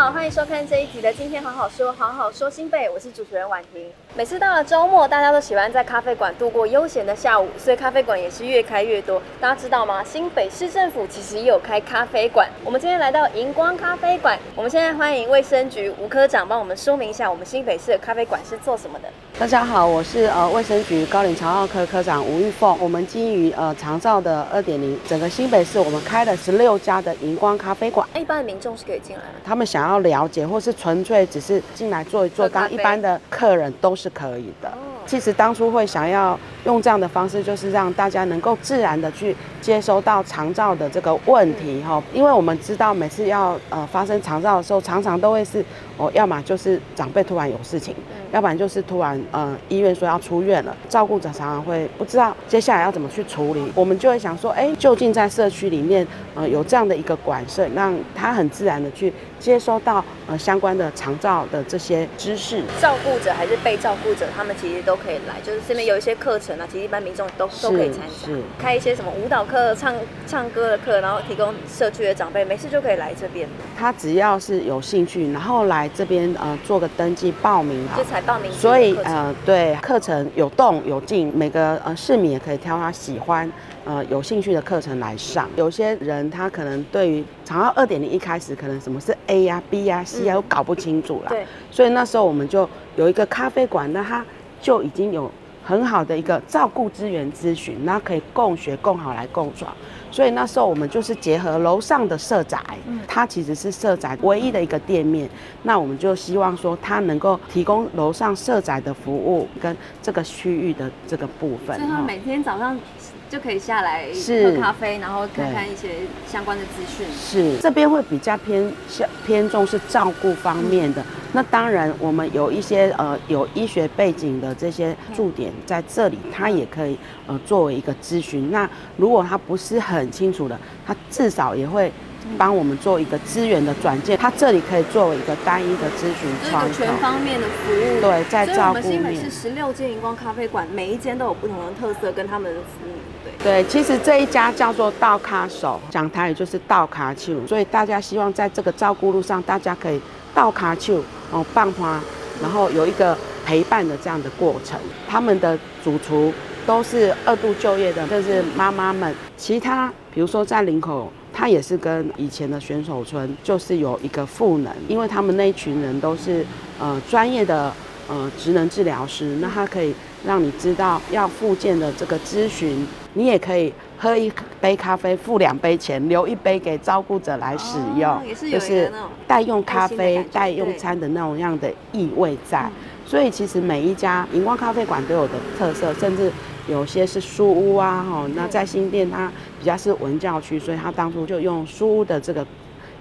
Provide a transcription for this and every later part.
好，歡迎收看這一集的《今天好好說，好好說新北》，我是主持人婉婷。每次到了周末，大家都喜歡在咖啡館度過悠閒的下午，所以咖啡館也是越開越多。大家知道嗎？新北市政府其實也有開咖啡館。我們今天來到銀光咖啡館，我們現在歡迎衛生局吳科長幫我們說明一下，我們新北市的咖啡館是做什麼的。大家好，我是呃衛生局高齡長照科科長吳玉鳳。我們基於呃長照的二點零，整個新北市我們開了十六家的銀光咖啡館。哎，一般的民眾是可以進來的，他們想要。要了解，或是純粹只是進來坐一坐，當一般的客人都是可以的。哦、其實當初會想要，用這樣的方式，就是讓大家能夠自然的去接收到長照的這個問題哈、嗯，因為我們知道每次要呃發生長照的時候，常常都會是哦、呃，要麼就是長輩突然有事情，嗯、要不然就是突然呃醫院說要出院了，照顧者常常會不知道接下來要怎麼去處理。我們就會想說，哎、欸，究竟在社區裡面，呃有這樣的一個管事，讓他很自然的去接收到呃相關的長照的這些知識。照顧者還是被照顧者，他們其實都可以來，就是這邊有一些課程。那其實一般民眾都都可以參加，開一些什麼舞蹈課、唱唱歌的課，然後提供社區的長輩沒事就可以來這邊。他只要是有興趣，然後來這邊呃做個登記報名，這才報名。所以呃對課程有動有靜，每個呃市民也可以挑他喜歡呃有興趣的課程來上。有些人他可能對於長照二點零一開始可能什麼是 A 呀、啊、B 呀、啊、C 呀、啊嗯、都搞不清楚了，對，所以那時候我們就有一個咖啡館，那他就已經有。很好的一個照顧資源諮詢，那可以共學共好來共創。所以那時候我們就是結合樓上的社宅、嗯，它其實是社宅唯一的一個店面。嗯、那我們就希望說，它能夠提供樓上社宅的服務跟這個區域的這個部分。所以每天早上、嗯。就可以下來喝咖啡是，然後看看一些相關的資訊。是這邊會比較偏向偏重是照顧方面的。嗯、那當然，我們有一些呃有醫學背景的這些駐點在這裡，他、嗯、也可以呃作為一個諮詢。那如果他不是很清楚的，他至少也會幫我們做一個資源的轉介。他這裡可以作為一個單一的諮詢窗口，嗯、這個、全方面的服務。嗯、對，在照顧你。所以，我們新北是十六間銀光咖啡館，每一間都有不同的特色跟他們的服務。對，其實這一家叫做倒卡手，講台語就是倒卡丘，所以大家希望在這個照顧路上，大家可以倒卡丘，哦、嗯，放花，然後有一個陪伴的這樣的過程。他們的主廚都是二度就業的，就是媽媽們。其他比如說在林口，他也是跟以前的選手村，就是有一個賦能，因為他們那一群人都是呃專業的。呃，職能治療師，那他可以讓你知道要復健的這個諮詢。你也可以喝一杯咖啡，付兩杯錢，留一杯給照顧者來使用，就是待用咖啡、待用餐的那種樣的意味在。所以其實每一家銀光咖啡館都有的特色，甚至有些是書屋啊。哈，那在新店，它比較是文教區，所以他當初就用書屋的這個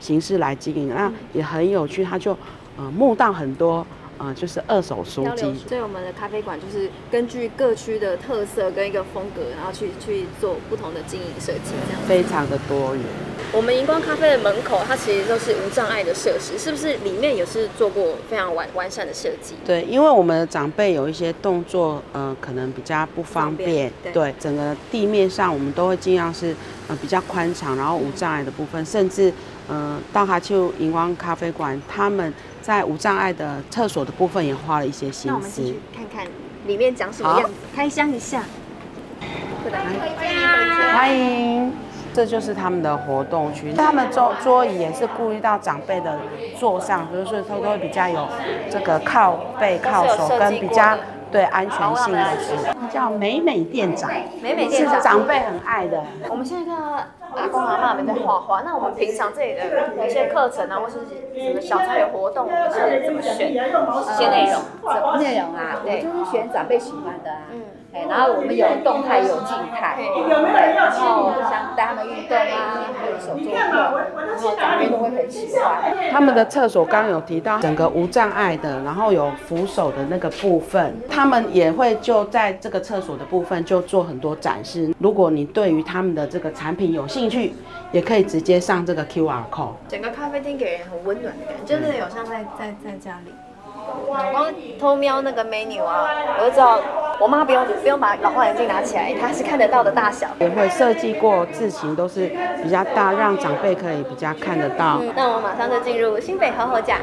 形式來經營，那也很有趣。他就呃，募到很多。啊、嗯，就是二手書籍。所以我們的咖啡館就是根據各區的特色跟一個風格，然後去去做不同的經營設計，非常的多元。我們銀光咖啡的門口它其實都是無障礙的設施，是不是？裡面也是做過非常完完善的設計。對，因為我們的長輩有一些動作，呃，可能比較不方便。方便對，對，整個地面上我們都會盡量是呃比較寬敞，然後無障礙的部分，甚至。嗯、呃，到哈丘銀光咖啡館，他們在無障礙的廁所的部分也花了一些心思。那我們進去看看裡面長什麼樣子，開箱一下。歡迎歡迎，這就是他們的活動區。他們桌桌椅也是顧及到長輩的座上，就是他們都會比較有這個靠背、靠手跟比較對安全性的叫美美店長，美美店長，是長輩很愛的。我們現在看到阿公阿媽們在畫畫，那我們平常這裡的有一些課程啊，或者是什麼小菜有活動，我們是怎麼選一些內容？什麼內容啊，對，就是選長輩喜歡的啊。嗯，哎，然後我們有動態有靜態，對對對然後像帶他們運動啊。們他們的廁所剛剛有提到整個無障礙的，然後有扶手的那個部分，他們也會就在這個廁所的部分就做很多展示。如果你對於他們的這個產品有興趣，也可以直接上這個 QR code。整個咖啡廳給人很溫暖的感覺，真、嗯、的有像在在在家裡。光偷瞄那個美女啊，我知道。我媽不用不用把老花眼鏡拿起來，她是看得到的大小。也會設計過字形，都是比較大，讓長輩可以比較看得到。嗯，那我們馬上就進入新北厚厚呷。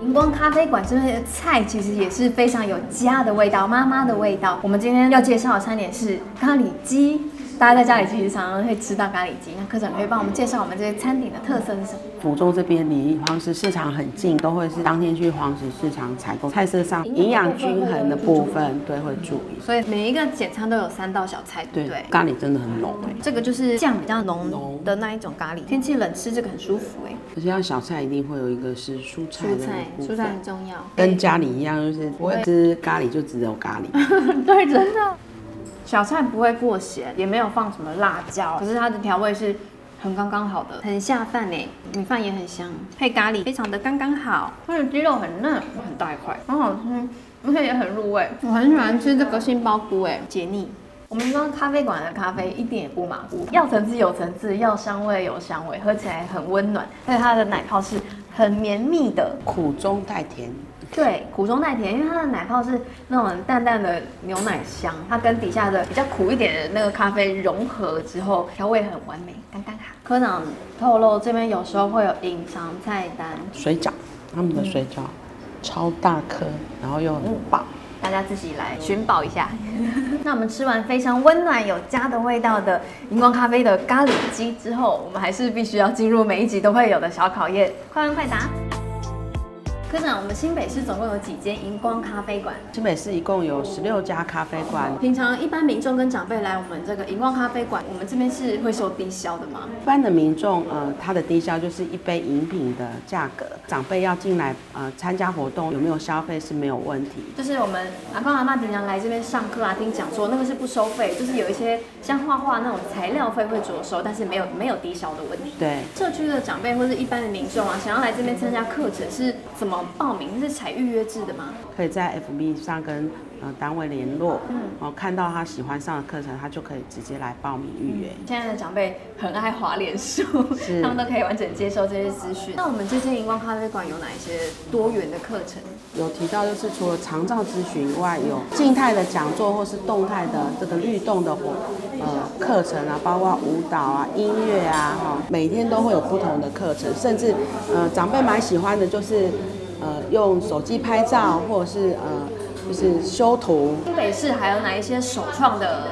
銀光咖啡館。這邊的菜其實也是非常有家的味道，媽媽的味道。我們今天要介紹的餐點是咖喱雞。大家在家裡其實常常會吃到咖喱雞，那科長可以幫我們介紹我們這些餐廳的特色是什麼？府中這邊離黃石市場很近，都會是當天去黃石市場採購，菜色上營養均衡的部分，對，會注意。所以每一個簡餐都有三道小菜。對，對咖喱真的很濃，哎，這個就是醬比較濃的那一種咖喱，天氣冷吃這個很舒服，欸，哎。實際上小菜一定會有一個是蔬菜，蔬菜，蔬菜很重要，跟家裡一樣，就是我吃咖喱就只有咖喱。對，對真的。小菜不會過鹹，也沒有放什麼辣椒，可是它的調味是很剛剛好的，很下飯嘞、欸。米飯也很香，配咖喱非常的剛剛好。它的雞肉很嫩，很大一塊，很好吃，而且也很入味。我很喜歡吃這個杏鮑菇、欸，哎，解膩。我們說咖啡館的咖啡一點也不馬虎，要層次有層次，要香味有香味，喝起來很溫暖。而且它的奶泡是很綿密的，苦中帶甜。對，苦中帶甜，因為它的奶泡是那種淡淡的牛奶香，它跟底下的比較苦一點的那個咖啡融合了之後，調味很完美，剛剛好。科長透露，這邊有時候會有隱藏菜單。水餃，他們的水餃超大顆，嗯、然後又很飽，大家自己來尋寶一下。嗯、 那我們吃完非常溫暖，有家的味道的銀光咖啡的咖喱雞之後，我們還是必須要進入每一集都會有的小考驗，快問快答。科長，我們新北市總共有幾間銀光咖啡館？新北市一共有十六家咖啡館。平常一般民眾跟長輩來我們這個銀光咖啡館，我們這邊是會收低消的嗎？一般的民眾，呃，他的低消就是一杯飲品的價格。長輩要進來，呃，參加活動有沒有消費是沒有問題。就是我們阿公阿嬤平常來這邊上課啊，聽講座，那個是不收費。就是有一些像畫畫那種材料費會酌收，但是沒有沒有低消的問題。對，社區的長輩或者一般的民眾啊，想要來這邊參加課程是怎麼？報名是採預約制的嗎？可以在 FB 上跟呃單位聯絡，嗯，然後看到他喜歡上的課程，他就可以直接來報名預約，嗯。現在的長輩很愛滑臉書是，他們都可以完整接受這些資訊。那我們這些銀光咖啡館有哪一些多元的課程？有提到就是除了長照諮詢以外，有靜態的講座或是動態的這個律動的活呃課程啊，包括舞蹈啊、音樂啊，哈，每天都會有不同的課程，甚至呃長輩蠻喜歡的就是。呃，用手機拍照，或者是呃，就是修圖。新北市還有哪一些首創的？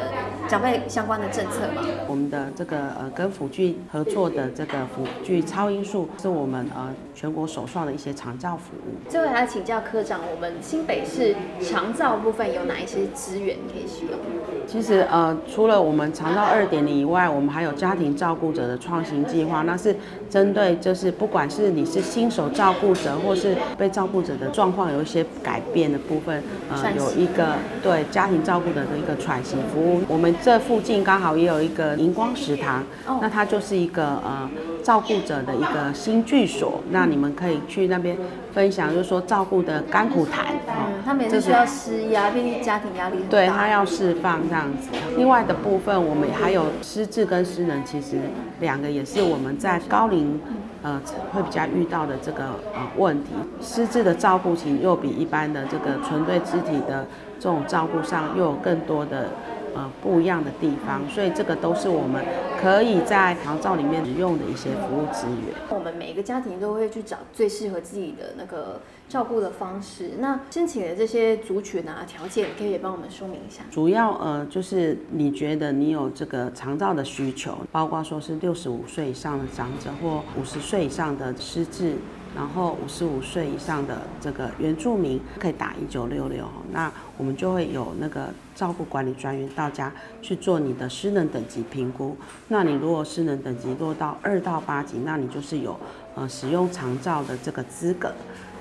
長輩相關的政策吧。我們的這個呃，跟輔具合作的這個輔具超音速是我們呃全國首創的一些長照服務。最後還要請教科長，我們新北市長照部分有哪一些資源可以使用？其實呃除了我們長照二點零以外，我們還有家庭照顧者的創新計劃，那是針對就是不管是你是新手照顧者，或是被照顧者的狀況有一些改變的部分，呃有一個對家庭照顧者的一個喘息服務，我們。這附近剛好也有一個銀光食堂，哦、那它就是一個呃照顧者的一個新居所、嗯，那你們可以去那邊分享，就是說照顧的甘苦談哦、嗯。他每次需要紓壓，畢竟家庭壓力對他要釋放這樣子。另外的部分，我們還有失智跟失能，其實兩個也是我們在高齡、嗯、呃會比較遇到的這個呃問題。失智的照顧型又比一般的這個純對肢體的這種照顧上又有更多的。呃，不一樣的地方，所以這個都是我們可以在長照裡面使用的一些服務資源。嗯，我們每一個家庭都會去找最適合自己的那個照顧的方式。那申請的這些族群啊，條件可以也幫我們說明一下。主要呃，就是你覺得你有這個長照的需求，包括說是六十五歲以上的長者或五十歲以上的失智。然後五十五歲以上的這個原住民可以打一九六六，那我們就會有那個照顧管理專員到家去做你的失能等級評估。那你如果失能等級落到二到八級，那你就是有呃使用長照的這個資格。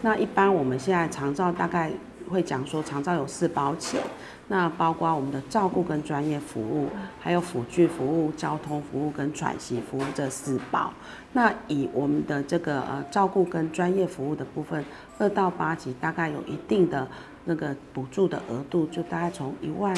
那一般我們現在長照大概會講說，長照有四包錢。那包括我們的照顧跟專業服務，還有輔具服務、交通服務跟喘息服務這四包。那以我們的這個呃照顧跟專業服務的部分，二到八級大概有一定的那個補助的額度，就大概從一萬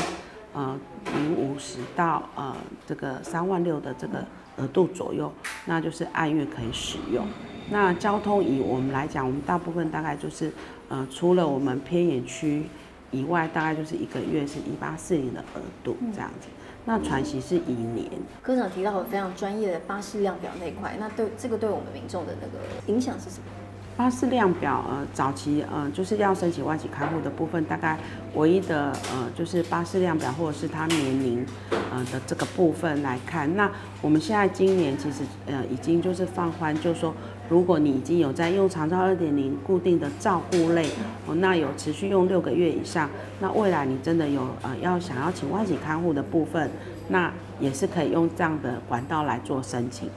呃零五十到呃這個三萬六的這個額度左右，那就是按月可以使用。那交通以我們來講，我們大部分大概就是呃除了我們偏遠區。以外，大概就是一個月是一八四零的額度這樣子。嗯，那喘息是一年。嗯。嗯、科長提到的非常專業的巴氏量表那塊，那對這個對我們民眾的那個影響是什麼？巴氏量表呃早期呃就是要申請外籍看護的部分，大概唯一的呃就是巴氏量表或者是他年齡呃的這個部分來看。那我們現在今年其實呃已經就是放寬，就是說如果你已經有在用長照二點零固定的照顧類，那有持續用六個月以上，那未來你真的有呃要想要請外籍看護的部分，那也是可以用這樣的管道來做申請。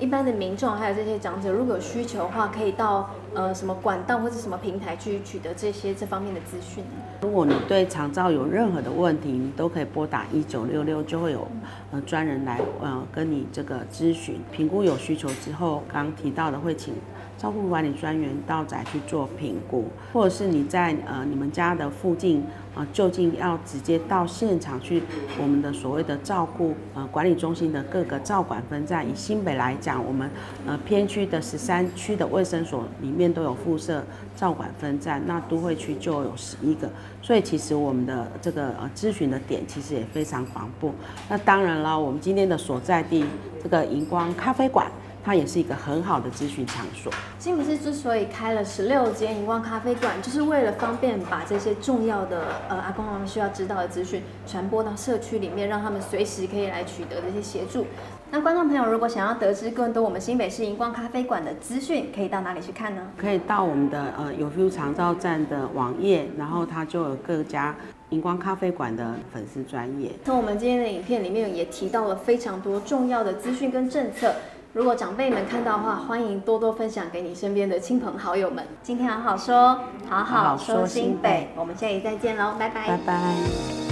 一般的民眾還有這些長者，如果有需求的話，可以到。呃，什麼管道或者什麼平台去取得這些這方面的資訊？如果你對長照有任何的問題，你都可以撥打一九六六，就會有呃專人來呃跟你這個諮詢評估有需求之後，剛提到的會請照顧管理專員到宅去做評估，或者是你在呃你們家的附近。呃，就近要直接到現場去，我們的所謂的照顧呃管理中心的各個照管分站。以新北來講，我們呃偏區的十三區的衛生所裡面都有附設照管分站，那都會區就有十一個，所以其實我們的這個呃諮詢的點其實也非常廣布。那當然了，我們今天的所在地這個銀光咖啡館。它也是一個很好的資訊場所。新北市之所以開了十六間銀光咖啡館，就是為了方便把這些重要的呃阿公阿嬤需要知道的資訊傳播到社區裡面，讓他們隨時可以來取得這些協助。那觀眾朋友如果想要得知更多我們新北市銀光咖啡館的資訊，可以到哪裡去看呢？可以到我們的呃有 feel 長照站的網頁，然後它就有各家。銀光咖啡館的粉絲專業。那我們今天的影片裡面也提到了非常多重要的資訊跟政策。如果長輩們看到的話，歡迎多多分享給你身邊的親朋好友們。今天好好說，好好說新北，好好說新北。我們下一期再見嘍，拜拜。拜拜拜拜。